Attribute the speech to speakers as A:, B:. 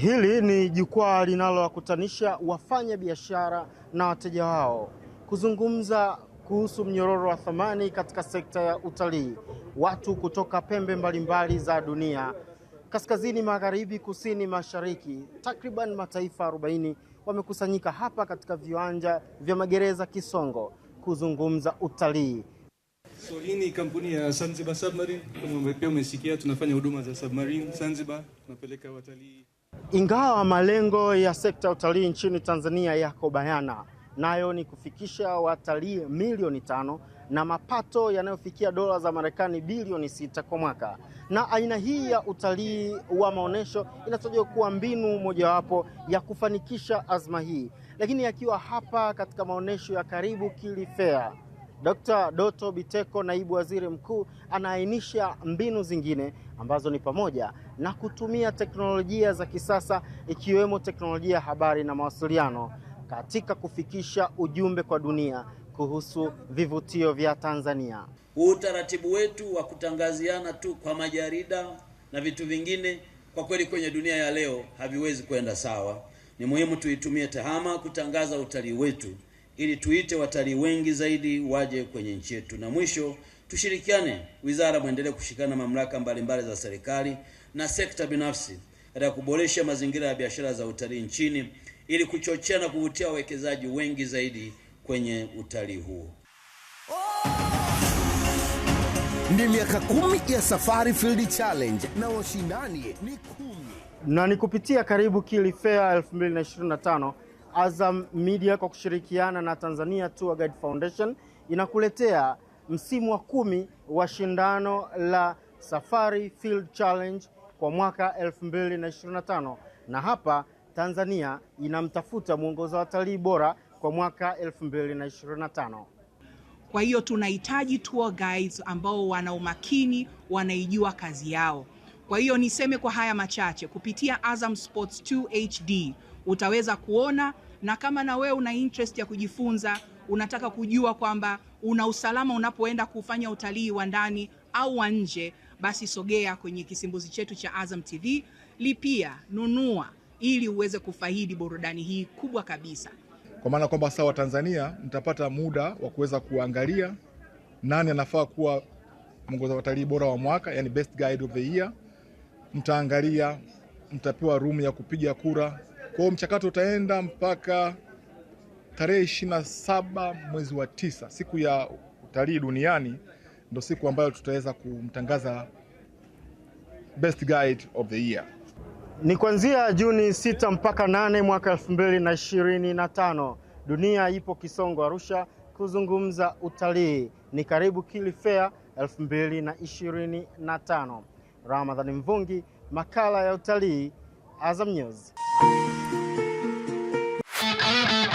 A: Hili ni jukwaa linalowakutanisha wafanya biashara na wateja wao kuzungumza kuhusu mnyororo wa thamani katika sekta ya utalii. Watu kutoka pembe mbalimbali za dunia, kaskazini, magharibi, kusini, mashariki, takriban mataifa 40 wamekusanyika hapa katika viwanja vya magereza Kisongo kuzungumza utalii.
B: ni kampuni ya Zanzibar Submarine, kama pia umesikia, tunafanya huduma za submarine Zanzibar, tunapeleka watalii
A: ingawa malengo ya sekta ya utalii nchini Tanzania yako bayana, nayo ni kufikisha watalii milioni tano na mapato yanayofikia dola za Marekani bilioni sita kwa mwaka. Na aina hii ya utalii wa maonyesho inatajwa kuwa mbinu mojawapo ya kufanikisha azma hii. Lakini akiwa hapa katika maonyesho ya Karibu Kili Fair Dkt. Doto Biteko, naibu waziri mkuu, anaainisha mbinu zingine ambazo ni pamoja na kutumia teknolojia za kisasa ikiwemo teknolojia ya habari na mawasiliano katika kufikisha ujumbe kwa dunia kuhusu vivutio vya Tanzania.
C: Utaratibu wetu wa kutangaziana tu kwa majarida na vitu vingine, kwa kweli kwenye dunia ya leo haviwezi kwenda sawa. Ni muhimu tuitumie tehama kutangaza utalii wetu ili tuite watalii wengi zaidi waje kwenye nchi yetu. Na mwisho, tushirikiane, wizara mwendelee kushikana mamlaka mbalimbali za serikali na sekta binafsi katika kuboresha mazingira ya biashara za utalii nchini ili kuchochea na kuvutia wawekezaji wengi zaidi kwenye utalii huo.
D: Ni miaka kumi ya Safari Field Challenge na washindani ni kumi,
A: na ni kupitia karibu Kili Fair 2025 Azam Media kwa kushirikiana na Tanzania Tour Guide Foundation inakuletea msimu wa kumi wa shindano la Safari Field Challenge kwa mwaka 2025 na hapa Tanzania inamtafuta mwongoza watalii bora kwa mwaka 2025.
E: Kwa hiyo tunahitaji tour guides ambao wana umakini, wanaijua kazi yao. Kwa hiyo niseme kwa haya machache, kupitia Azam Sports 2 HD utaweza kuona na kama na wewe una interest ya kujifunza, unataka kujua kwamba una usalama unapoenda kufanya utalii wa ndani au wa nje, basi sogea kwenye kisimbuzi chetu cha Azam TV, lipia, nunua ili uweze kufaidi burudani hii kubwa kabisa,
F: kwa maana kwamba sawa, tanzania mtapata muda wa kuweza kuangalia nani anafaa kuwa mwongoza watalii bora wa mwaka, yani best guide of the year. Mtaangalia, mtapewa room ya kupiga kura. Kwa hiyo mchakato utaenda mpaka tarehe ishirini na saba mwezi wa tisa, siku ya utalii duniani, ndo siku ambayo tutaweza kumtangaza best guide of the year.
A: Ni kuanzia Juni sita mpaka nane mwaka elfu mbili na ishirini na tano. Dunia ipo Kisongo Arusha kuzungumza utalii. Ni karibu Kili Fair elfu mbili na ishirini na tano. Ramadhani Mvungi, makala ya utalii, Azam News. Thank you.